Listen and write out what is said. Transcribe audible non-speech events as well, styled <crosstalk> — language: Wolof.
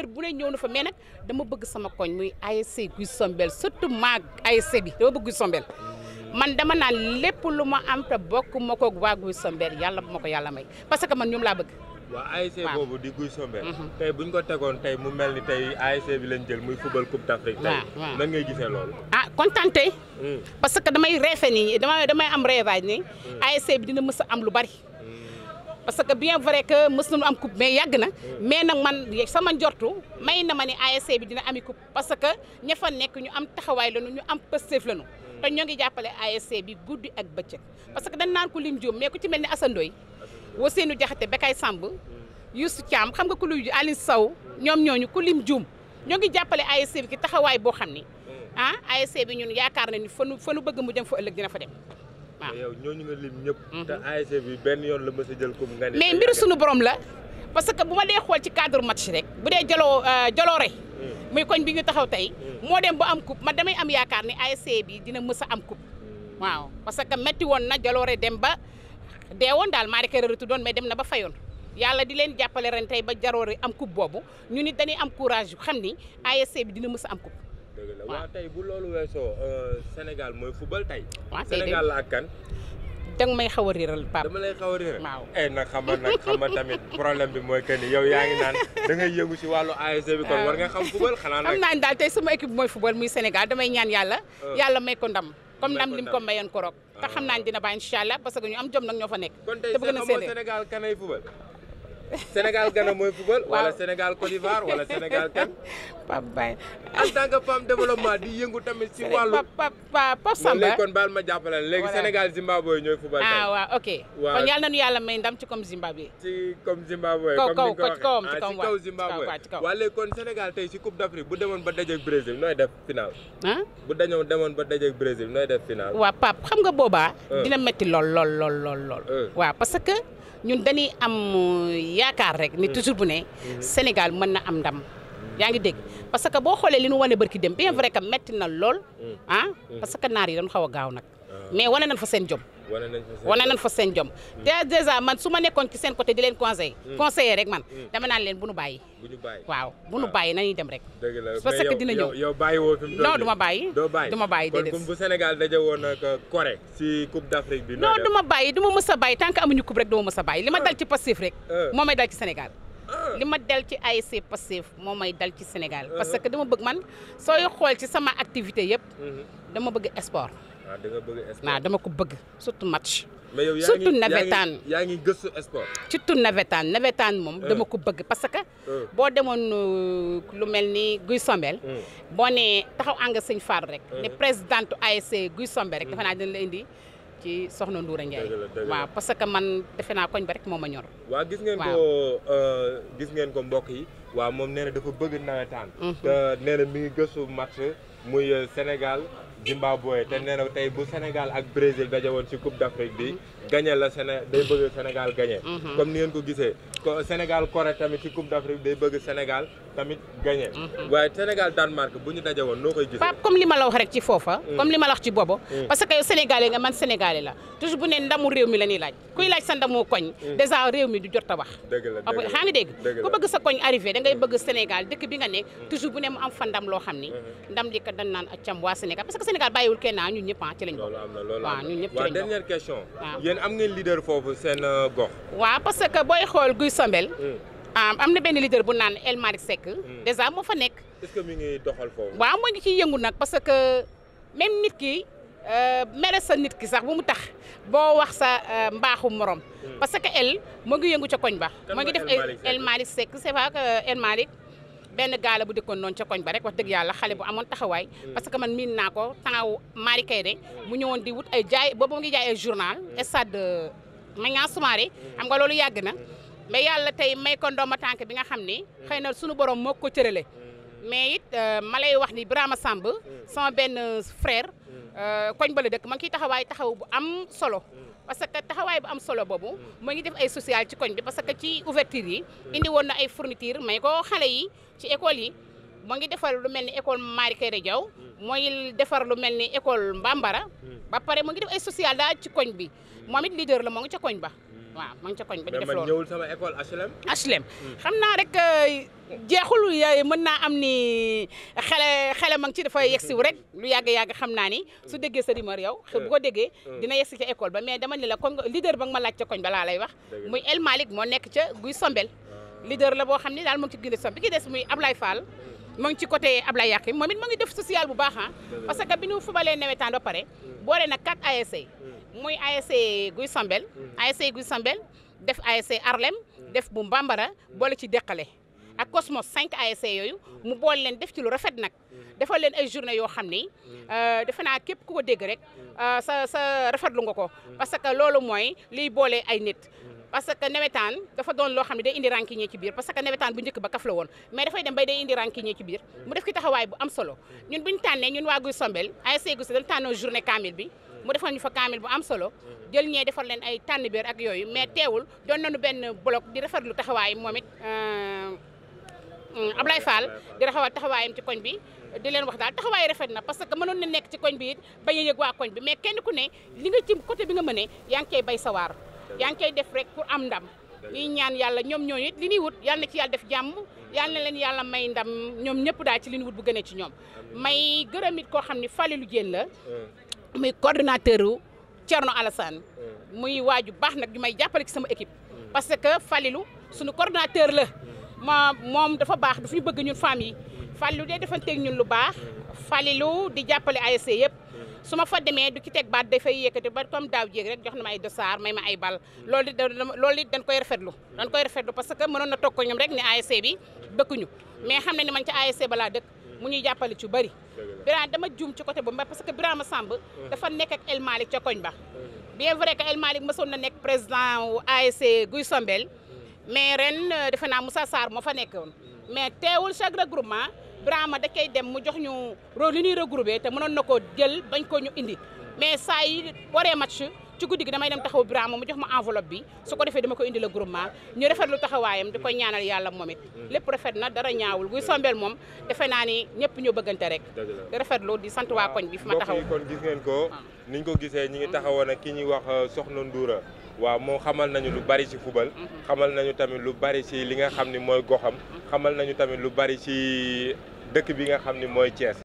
heure bu ne ñëw na fa mais nag dama bëgg sama koñ muy ASC Guy Sombel surtout maag ASC bi dama bëgg Guy Sombel man dama naan lépp lu ma am te bokk ma ko waa Guy Sombel yàlla bu ma ko yàlla may parce que man ñoom laa bëgg waaw ASC boobu di Guy Sombel mhm. tey buñ ko tegoon tey mu mel ni tey ASC bi lañ jël muy football coupe d'Afrique tey nan ngay gisee loolu ah kontaan tey mm. parce que damay reefe nii damay am rêvage nii mm. ASC bi dina mës am lu bari parce que bien vrai que mës nañu am coupe mais yàgg na mais nag man sama njortu may na ma ni ASC bi dina ami coupe parce que ña fa nekk ñu am taxawaay nu ñu am pësteef lañu te ñoo ngi jàppale ASC bi guddi ak bëccëg parce que dañ naan ko lim juum mais ku ci mel ne Assane Ndoye Ousseynou Diakhaté Bekay Samb Youssou Thiam xam nga ku luy Aline Sow ñoom ñooñu ku lim juum ñoo ngi jàppale ASC bi ki taxawaay boo xam ni ah ASC bi ñun yaakaar na ni fa nu fa bëgg mu fo fa ëllëg dina fa dem yow ñooñu nga lim ñëpp. Mhm. te ASC bi benn a jël comme nga ne mais mbiru suñu borom la parce que bu ma dee xool ci cadre match rek bu dee joloo euh, joloore hmm. muy koñ bi ñu taxaw tey. Hmm. moo dem ba am coupe ma damay am yaakaar ni ASC bi dina mës a am coupe. Hmm. waaw parce que metti woon na jaloore dem ba dee woon daal maa rekk rëtu doon mais dem na ba fayoon. yàlla di leen jàppale ren tey ba jaroore am coupe boobu ñu nit dañuy am courage xam ni ASC bi dina mës a am coupe. dëgg la waaw tey bu loolu weesoo euh, Sénégal mooy football tey. waaw tey Sénégal la ak kan. danga may xaw a dama lay xaw a réeral waaw. eh nag xam nag xam tamit problème bi mooy que ni yow yaa ngi naan da yëngu si wàllu ASC bi kon war nga xam euh, football xanaa <laughs> nag. xam naa daal yàlla. Euh. yàlla may ko ndam. comme dina baax incha allah parce am jom nag ñoo fa nekk. te bëgg na Sénégal kon tey sax amoo Sénégal kanay football Sénégal Ghana mooy football. wala Sénégal Côte d'Ivoire wala Sénégal kan. <laughs> Pape Baye en tant que femme développement di yëngu tamit si wàllu. Pape Pape Pape Samba léegi kon baal ma jàppale léegi Sénégal Zimbabwe ñooy football. ah waaw ok waaw kon yàlla na nu yàlla may ndam ci comme Zimbabwe. ci comme Zimbabwe. kaw kaw kaw ci kawam ci ah, kaw Zimbabwe léegi kon Sénégal tey si Coupe d'Afrique bu demoon ba dajeeg Brésil nooy def final. ah bu dañoo demoon ba dajeeg Brésil nooy def final. waa Pape xam nga boobaa. Euh. dina metti lool lool lool lool euh. parce que ñun dañuy am euh, yaakaar rek ni mm. toujours bu ne mm. Sénégal mën na am ndam yaa ngi dégg parce que boo xoolee li ñu wane barki dem bien vrai que metti na lool mm. ah parce que naar yi dañu xaw a gaaw nag ah. mais wane nañ fa seen jom wane nañ fa seen jom hmm. te dèjà man su ma nekkoon ci seen côté di leen conseil hmm. conseiller rek man hmm. dama naan leen bu nu bàyyi waaw bu nu bàyyi nañuy dem rek parce que dina ñëw bàyyi woo ma bàyyi ma bàyyi déedéet kon bu Sénégal daje woon ak euh, Corée si coupe d'Afrique bi non du ma bàyyi du ma mës a bàyyi tànk que amuñu coupe rek du ma mës a bàyyi li ma ah. dal ci passif rek ah. moo may dal ci Sénégal ah. li ma dal ci ay ASC Pastef moo may dal ci Sénégal parce que dama bëgg man soo xool ci sama activité yëpp mm-hmm. dama bëgg sport waaw ah, dama ko bëgg surtout match. surtout nawetaan yaa ngi gëstu sport. surtout nawetaan nawetaan moom eh. dama ko bëgg parce que. Eh. boo demoon euh, lu mel ni Guy Sombel. Hmm. boo nee taxaw ànga sëñ Faar rek. ne eh. présidente s Guy Sombel rek defe hmm. naa dina la indi. ci soxna Ndoura Ndiaye waaw parce que man defe naa koñ ba rek moo ma ñor. waaw gis ngeen ko euh, gis ngeen ko mbokk yi. waaw moom nee na dafa bëgg nawetaan. Mhm. te nee na mi ngi gëstu match muy euh, Sénégal Zimbabwe te nee tey bu Sénégal ak Brésil daje woon ci Coupe d'Afrique bi mhm. gagné la Séné day bëgg Sénégal gagné. Mhm. comme ni ngeen ko gisee Sénégal Corée tamit ci Coupe d'Afrique day bëgg Sénégal. tamit mhm. waaye Sénégal Danemark bu ñu daje noo koy gis. Pape comme li ma la ci foofa. Mm. comme li ma ci boobu. Mm. parce que yow nga man sénégalais la toujours bu ne ndamu réew mi la ñuy laaj kuy laaj sa ndamu koñ. Mm. déjà réew mi du jot a wax. dëgg la dëgg nga dégg ku bëgg sa koñ arrivé da ngay bëgg Sénégal dëkk bi nga ne toujours bu ne am fa ndam loo xam ni. Mm-hmm. ndam li kat dañ naan accam waa Sénégal parce que Sénégal bàyyiwul kenn ah ñun ñëpp ah ci lañ bokk. waaw am na benn leader bu naan El Malick Seck. Hmm. dèjà moo fa nekk. est-ce que mi ngi waaw moo ngi ciy yëngu nag parce que même nit ki euh, mere sa nit ki sax bu mu tax boo wax sa euh, mbaaxu morom. Hmm. parce que El moo ngi yëngu ca koñ ba. moo ngi def El Malick Seck c'est vrai que El Malick benn gaala bu dekkoon noon ca koñ ba rek wax dëgg yàlla xale bu amoon taxawaay. Hmm. parce que man miin naa ko tàngawu Mari Kayre mu ñëwoon di wut ay jaay boobu mu ngi jaay ay journal stade euh, Maniang Soumaré xam nga loolu yàgg na. mais yàlla tey may ko ndooma tànk bi nga xam ni xëy na sunu borom moo ko cërale mais it euh, ma lay wax ni a Samb sama benn frère euh, koñ bala dëkk ma ngi ciy taxawaay taxaw bu am solo parce que taxawaay bu am solo boobu ma ngi def ay social ci koñ bi parce que ci ouverture yi indi woon na ay fourniture may ko xale yi ci école yi moo ngi defar lu mel ni école Marie Kéré Diaw mooy defar lu mel ni école Mbambara ba pare mu ngi def ay social daal ci koñ bi moom it leader la moo ngi ca koñ ba Mm. waaw ma ngi ca koñ ba di def loolu ñëwul mm. xam naa rek euh, jeexul mën naa am ni xele xele ma ngi ci defa yegsi rek lu yàgg yàgg xam naa ni su déggee sa rumeur yow bu déggee mm. dina yegsi ca école ba mais dama ne la kon leader ba nga ma laaj ca koñ balaa lay wax muy El Malick moo nekk ca guy sombel ah. leader la boo xam ne daal moo ci gën a bi ki des muy Ablaye Fall moo ngi ci côté Ablaye Yakim moom it moo ngi def social bu baax ah parce que bi ñu fubalee nawetaan ba pare boole nag 4 ASC muy ASC Guy Sambel mm. ASC Guy Sambel def ASC Arlem mm. def bu Bambara mm. boole ci Deqale ak Cosmos 5 ASC yooyu mu boole leen def ci lu rafet nag defal leen ay journée yoo xam ni euh, defe naa képp ku ko dégg rek euh, sa sa rafetlu nga ko parce que loolu mooy liy boole ay nit parce que nawetaan dafa doon loo xam ne day indi rànkiñe ci ba indi rànkiñe ci biir mu def ki taxawaay bu am solo ñun bu ñu tànnee ñun waa Guy Sombel ASC Guy Sombel dañu tànnoo journée kaamil mu defal ñu fa kaamil bu am solo jël ñee defal leen ay tànn biir ak yooyu mais teewul doon nañu benn bloc di rafetlu taxawaay moom it euh, Ablaye Fall di rafetlu taxawaayam ci koñ bi di leen wax daal taxawaay rafet na parce que mënoon na nekk ci koñ bi it bañ a yëg waa koñ bi mais kenn ku ne li nga ci côté bi nga mënee yaa ngi koy bay sawaar yaa ngi koy def rek pour am ndam ñuy ñaan yàlla ñoom ñooñu li ñuy wut yàlla na ci yàlla def jàmm yàlla leen yàlla may ndam ñoom ñëpp daal ci li wut bu gënee ci ñoom may gërëm koo xam ni Falilou Diène la muy coordinateur wu Thierno Alassane muy waaju baax nag ñu may jàppale ci sama équipe parce que Falilou suñu coordinateur la ma moom dafa baax dafa ñu bëgg ñun femmes yi Falilou dee teg ñun lu baax Falilou di jàppale ASC yëpp su ma fa demee du ci teg baat dafay yëkkati ba comme daaw jéeg rek jox na ma ay dossard may ma ay bal loolu it loolu it dañ koy rafetlu dañ koy rafetlu parce que mën na toog ko ñoom rek ne ASC bi dëkkuñu mais xam na ni man ca ASC balaa dëkk mu ñuy jàppale ci bëri Birane dama juum ci côté bu ma parce que Birama Samb dafa nekk ak El Malick ca koñ ba bien vrai que El Malick mësoon na nekk président wu ASC Guy Sombel mais ren euh, defe naa Moussa Sarr moo fa nekkoon mais teewul chaque regroupement ma da koy dem mu jox ñu rôle li ñuy regroupé te mënoon na ko jël bañ koo ñu indi mais saa yi waree match ci guddi gi damay dem taxaw Birama mu jox ma enveloppe bi su ko defee dama ko indi la groupement ñu rafetlu taxawaayam di koy ñaanal yàlla moom it mm. lépp rafet na dara ñaawul guy sombeel moom defe naa ni ñëpp ñoo bëggante rek di rafetlu di sant waa koñ bi fi ma taxaw kon gis ngeen ko ah. niñ ko gisee ñi ngi taxawoon ak ki ñuy wax euh, soxna Ndoura waaw moom xamal nañu lu bari ci fubal mm-hmm. xamal nañu tamit lu bari ci li nga xam ni mooy goxam mm-hmm. xamal nañu tamit lu bari ci dëkk bi nga xam ni mooy Thiès